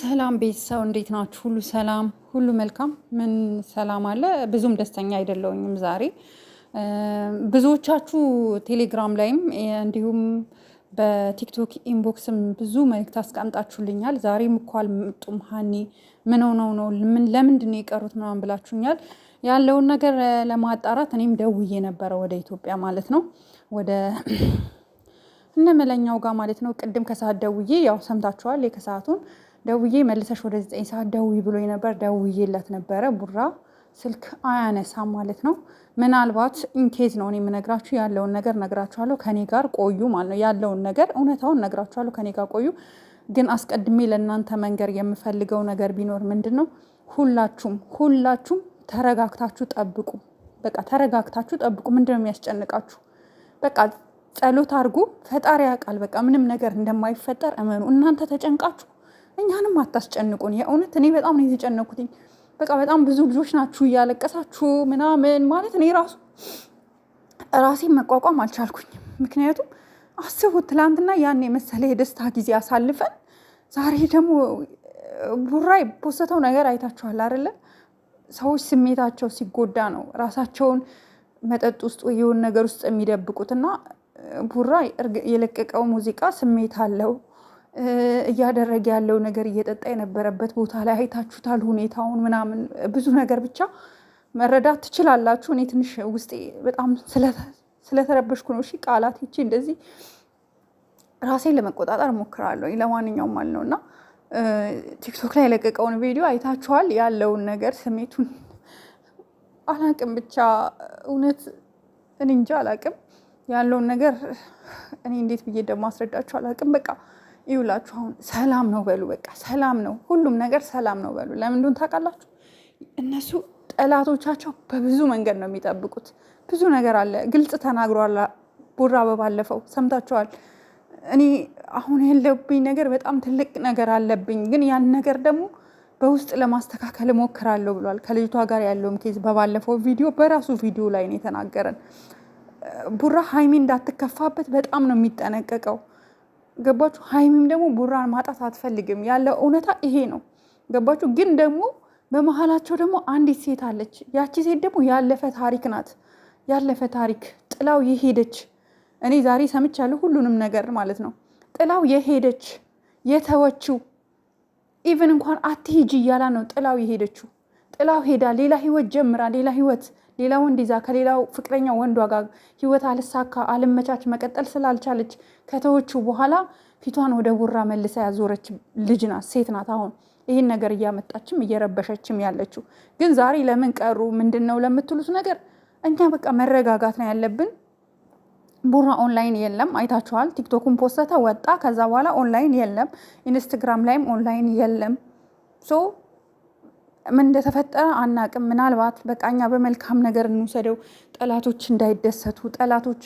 ሰላም ቤተሰብ እንዴት ናችሁ? ሁሉ ሰላም፣ ሁሉ መልካም። ምን ሰላም አለ? ብዙም ደስተኛ አይደለውኝም ዛሬ። ብዙዎቻችሁ ቴሌግራም ላይም እንዲሁም በቲክቶክ ኢንቦክስም ብዙ መልእክት አስቀምጣችሁልኛል። ዛሬም እኮ አልመጡም ሀኒ ምን ሆነው ነው ለምንድን ነው የቀሩት ምናምን ብላችሁኛል። ያለውን ነገር ለማጣራት እኔም ደውዬ ነበረ ወደ ኢትዮጵያ ማለት ነው ወደ እነ መለኛው ጋር ማለት ነው። ቅድም ከሰዓት ደውዬ ያው ሰምታችኋል። ከሰዓቱን ደውዬ መልሰሽ ወደ ዘጠኝ ሰዓት ደውይ ብሎ ነበር። ደውዬላት ነበረ ቡራ ስልክ አያነሳም ማለት ነው። ምናልባት ኢንኬዝ ነው እኔ የምነግራችሁ ያለውን ነገር ነግራችኋለሁ። ከኔ ጋር ቆዩ ማለት ነው። ያለውን ነገር እውነታውን ነግራችኋለሁ። ከኔ ጋር ቆዩ። ግን አስቀድሜ ለእናንተ መንገር የምፈልገው ነገር ቢኖር ምንድን ነው፣ ሁላችሁም ሁላችሁም ተረጋግታችሁ ጠብቁ። በቃ ተረጋግታችሁ ጠብቁ። ምንድን ነው የሚያስጨንቃችሁ? በቃ ጸሎት አድርጉ። ፈጣሪ ያውቃል። በቃ ምንም ነገር እንደማይፈጠር እመኑ። እናንተ ተጨንቃችሁ እኛንም አታስጨንቁን። የእውነት እኔ በጣም ነው የተጨነኩትኝ። በቃ በጣም ብዙ ልጆች ናችሁ እያለቀሳችሁ ምናምን ማለት እኔ ራሱ ራሴን መቋቋም አልቻልኩኝም። ምክንያቱም አስቡት ትላንትና ያን የመሰለ የደስታ ጊዜ አሳልፈን ዛሬ ደግሞ ቡራ የፖሰተው ነገር አይታችኋል አይደለ? ሰዎች ስሜታቸው ሲጎዳ ነው ራሳቸውን መጠጥ ውስጥ የሆን ነገር ውስጥ የሚደብቁትና ቡራ የለቀቀው ሙዚቃ ስሜት አለው። እያደረገ ያለው ነገር እየጠጣ የነበረበት ቦታ ላይ አይታችሁታል፣ ሁኔታውን ምናምን ብዙ ነገር ብቻ መረዳት ትችላላችሁ። እኔ ትንሽ ውስጤ በጣም ስለተረበሽኩ ነው። እሺ ቃላት ይቺ እንደዚህ ራሴን ለመቆጣጠር ሞክራለሁ። ለማንኛውም ማለት ነው እና ቲክቶክ ላይ የለቀቀውን ቪዲዮ አይታችኋል። ያለውን ነገር ስሜቱን አላቅም ብቻ እውነት እኔ እንጃ አላቅም። ያለውን ነገር እኔ እንዴት ብዬ ደግሞ አስረዳችሁ አላውቅም። በቃ ይውላችሁ አሁን ሰላም ነው በሉ፣ በቃ ሰላም ነው፣ ሁሉም ነገር ሰላም ነው በሉ። ለምን እንደሆነ ታውቃላችሁ? እነሱ ጠላቶቻቸው በብዙ መንገድ ነው የሚጠብቁት። ብዙ ነገር አለ፣ ግልጽ ተናግሯል ቡራ በባለፈው ሰምታችኋል። እኔ አሁን ያለብኝ ነገር በጣም ትልቅ ነገር አለብኝ፣ ግን ያን ነገር ደግሞ በውስጥ ለማስተካከል እሞክራለሁ ብሏል። ከልጅቷ ጋር ያለውም ኬዝ በባለፈው ቪዲዮ በራሱ ቪዲዮ ላይ ነው የተናገረን። ቡራ ሀይሚ እንዳትከፋበት በጣም ነው የሚጠነቀቀው። ገባችሁ? ሀይሚም ደግሞ ቡራን ማጣት አትፈልግም። ያለው እውነታ ይሄ ነው። ገባችሁ? ግን ደግሞ በመሀላቸው ደግሞ አንዲት ሴት አለች። ያቺ ሴት ደግሞ ያለፈ ታሪክ ናት። ያለፈ ታሪክ ጥላው የሄደች እኔ ዛሬ ሰምቻለሁ ሁሉንም ነገር ማለት ነው። ጥላው የሄደች የተወችው ኢቨን እንኳን አትሂጂ እያላ ነው ጥላው የሄደችው። ጥላው ሄዳ ሌላ ህይወት ጀምራ ሌላ ህይወት ሌላ ወንድ ይዛ ከሌላው ፍቅረኛ ወንዷ ጋር ህይወት አልሳካ አልመቻች መቀጠል ስላልቻለች ከተወችው በኋላ ፊቷን ወደ ቡራ መልሳ ያዞረች ልጅ ናት፣ ሴት ናት። አሁን ይህን ነገር እያመጣችም እየረበሸችም ያለችው ግን ዛሬ ለምን ቀሩ ምንድን ነው ለምትሉት ነገር እኛ በቃ መረጋጋት ነው ያለብን። ቡራ ኦንላይን የለም አይታችኋል። ቲክቶኩን ፖስተተ ወጣ። ከዛ በኋላ ኦንላይን የለም፣ ኢንስትግራም ላይም ኦንላይን የለም ሶ ምን እንደተፈጠረ አናቅም። ምናልባት በቃ እኛ በመልካም ነገር እንውሰደው፣ ጠላቶች እንዳይደሰቱ፣ ጠላቶች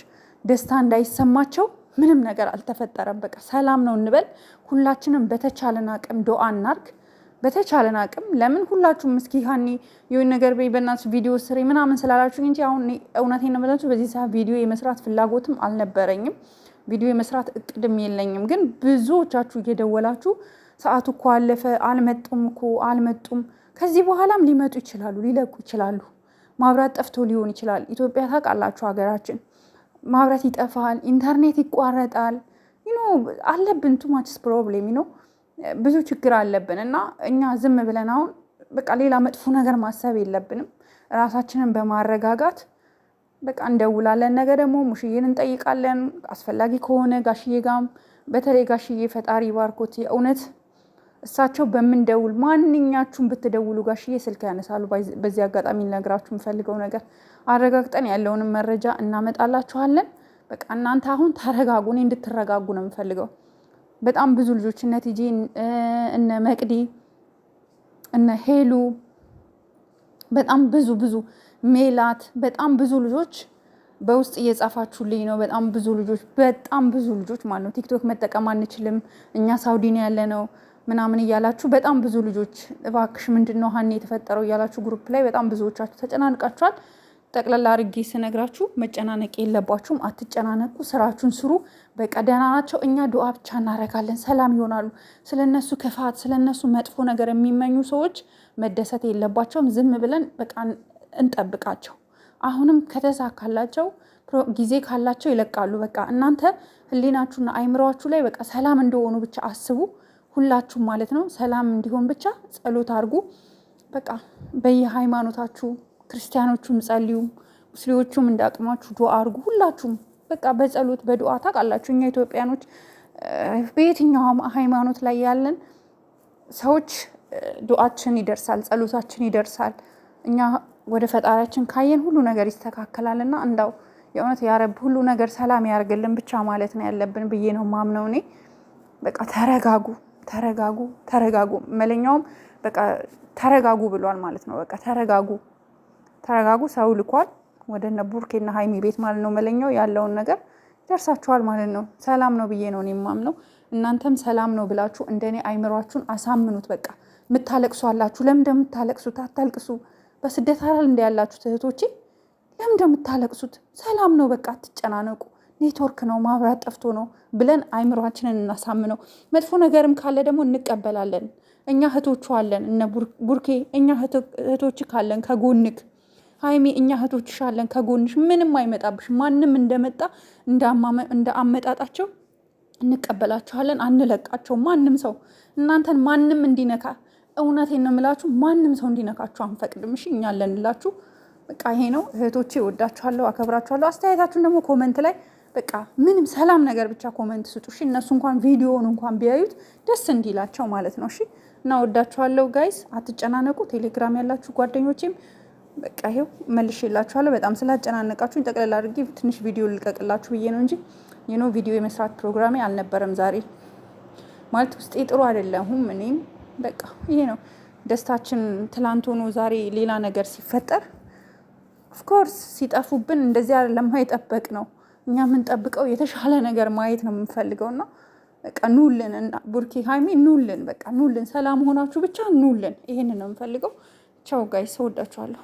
ደስታ እንዳይሰማቸው ምንም ነገር አልተፈጠረም። በቃ ሰላም ነው እንበል። ሁላችንም በተቻለን አቅም ዶ አናርግ በተቻለን አቅም ለምን ሁላችሁም እስኪ ሀኒ የሆነ ነገር በይ በእናትሽ ቪዲዮ ስሬ ምናምን ስላላችሁ እንጂ አሁን እውነቴን ነው በዚህ ሰዓት ቪዲዮ የመስራት ፍላጎትም አልነበረኝም። ቪዲዮ የመስራት እቅድም የለኝም። ግን ብዙዎቻችሁ እየደወላችሁ ሰዓቱ እኮ አለፈ፣ አልመጡም እኮ አልመጡም ከዚህ በኋላም ሊመጡ ይችላሉ፣ ሊለቁ ይችላሉ። ማብራት ጠፍቶ ሊሆን ይችላል። ኢትዮጵያ ታውቃላችሁ፣ ሀገራችን ማብራት ይጠፋል፣ ኢንተርኔት ይቋረጣል። ኖ አለብን ቱ ማችስ ፕሮብሌም ነው፣ ብዙ ችግር አለብን እና እኛ ዝም ብለን አሁን በቃ ሌላ መጥፎ ነገር ማሰብ የለብንም። ራሳችንን በማረጋጋት በቃ እንደውላለን። ነገ ደግሞ ሙሽዬን እንጠይቃለን። አስፈላጊ ከሆነ ጋሽዬ ጋም በተለይ ጋሽዬ ፈጣሪ ባርኮት የእውነት እሳቸው በምንደውል ማንኛችሁም ብትደውሉ ጋሽዬ ስልክ ያነሳሉ። በዚህ አጋጣሚ ልነግራችሁ የምፈልገው ነገር አረጋግጠን ያለውንም መረጃ እናመጣላችኋለን። በቃ እናንተ አሁን ተረጋጉ። እኔ እንድትረጋጉ ነው የምፈልገው። በጣም ብዙ ልጆች እነ ቲጂ፣ እነ መቅዲ፣ እነ ሄሉ በጣም ብዙ ብዙ ሜላት በጣም ብዙ ልጆች በውስጥ እየጻፋችሁልኝ ነው። በጣም ብዙ ልጆች በጣም ብዙ ልጆች ማለት ነው ቲክቶክ መጠቀም አንችልም እኛ ሳውዲን ያለ ነው ምናምን እያላችሁ በጣም ብዙ ልጆች እባክሽ ምንድን ነው ሀኔ የተፈጠረው እያላችሁ ግሩፕ ላይ በጣም ብዙዎቻችሁ ተጨናንቃችኋል። ጠቅላላ አድርጌ ስነግራችሁ መጨናነቅ የለባችሁም። አትጨናነቁ፣ ስራችሁን ስሩ። በቃ ደህና ናቸው። እኛ ዱዓ ብቻ እናደርጋለን፣ ሰላም ይሆናሉ። ስለነሱ ክፋት፣ ስለነሱ መጥፎ ነገር የሚመኙ ሰዎች መደሰት የለባቸውም። ዝም ብለን በቃ እንጠብቃቸው። አሁንም ከተሳካላቸው ጊዜ ካላቸው ይለቃሉ። በቃ እናንተ ህሊናችሁና አይምሯችሁ ላይ በቃ ሰላም እንደሆኑ ብቻ አስቡ። ሁላችሁም ማለት ነው። ሰላም እንዲሆን ብቻ ጸሎት አድርጉ። በቃ በየሃይማኖታችሁ ክርስቲያኖቹም ጸልዩ፣ ሙስሊዎቹም እንዳቅማችሁ ዱአ አድርጉ። ሁላችሁም በቃ በጸሎት በዱአ ታውቃላችሁ፣ እኛ ኢትዮጵያኖች በየትኛውም ሃይማኖት ላይ ያለን ሰዎች ዱአችን ይደርሳል፣ ጸሎታችን ይደርሳል። እኛ ወደ ፈጣሪያችን ካየን ሁሉ ነገር ይስተካከላል። እና እንዳው የእውነት ያረብ ሁሉ ነገር ሰላም ያደርግልን ብቻ ማለት ነው ያለብን ብዬ ነው ማምነው እኔ። በቃ ተረጋጉ። ተረጋጉ፣ ተረጋጉ። መለኛውም በቃ ተረጋጉ ብሏል ማለት ነው። በቃ ተረጋጉ፣ ተረጋጉ። ሰው ልኳል ወደ እነ ቡርኬና ሀይሚ ቤት ማለት ነው። መለኛው ያለውን ነገር ይደርሳችኋል ማለት ነው። ሰላም ነው ብዬ ነው ነው። እናንተም ሰላም ነው ብላችሁ እንደኔ አይምሯችሁን አሳምኑት። በቃ የምታለቅሱ አላችሁ። ለምን እንደምታለቅሱት አታልቅሱ። በስደት አላል እንደ ያላችሁ እህቶቼ ለምን እንደምታለቅሱት ሰላም ነው። በቃ አትጨናነቁ። ኔትወርክ ነው ማብራት ጠፍቶ ነው ብለን አይምሯችንን እናሳምነው። መጥፎ ነገርም ካለ ደግሞ እንቀበላለን። እኛ እህቶቹ አለን እነ ቡርኬ፣ እኛ እህቶች ካለን ከጎንክ ሀይሜ እኛ እህቶችሽ አለን ከጎንሽ። ምንም አይመጣብሽ። ማንም እንደመጣ እንደ አመጣጣቸው እንቀበላችኋለን። አንለቃቸው። ማንም ሰው እናንተን ማንም እንዲነካ እውነቴን ነው የምላችሁ፣ ማንም ሰው እንዲነካችሁ አንፈቅድም። እሺ እኛ አለንላችሁ። በቃ ይሄ ነው እህቶቼ። ወዳችኋለሁ፣ አከብራችኋለሁ። አስተያየታችሁን ደግሞ ኮመንት ላይ በቃ ምንም ሰላም ነገር ብቻ ኮመንት ስጡ እሺ። እነሱ እንኳን ቪዲዮውን እንኳን ቢያዩት ደስ እንዲላቸው ማለት ነው እሺ። እና ወዳችኋለሁ ጋይስ፣ አትጨናነቁ። ቴሌግራም ያላችሁ ጓደኞቼም በቃ ይሄው መልሼላችኋለሁ። በጣም ስላጨናነቃችሁኝ ጠቅለል አድርጌ ትንሽ ቪዲዮ ልቀቅላችሁ ብዬ ነው እንጂ የኖ ቪዲዮ የመስራት ፕሮግራሜ አልነበረም ዛሬ ማለት ውስጤ ጥሩ አይደለሁም። እኔም በቃ ይሄ ነው ደስታችን ትላንት ሆኖ ዛሬ ሌላ ነገር ሲፈጠር ኦፍኮርስ ሲጠፉብን እንደዚህ አይደለም የጠበቅ ነው እኛ የምንጠብቀው የተሻለ ነገር ማየት ነው የምንፈልገውና በቃ ኑልን ቡርኪ ሀይሚ ኑልን፣ በቃ ኑልን፣ ሰላም ሆናችሁ ብቻ ኑልን። ይህን ነው የምንፈልገው። ቻው ጋይስ፣ እወዳችኋለሁ።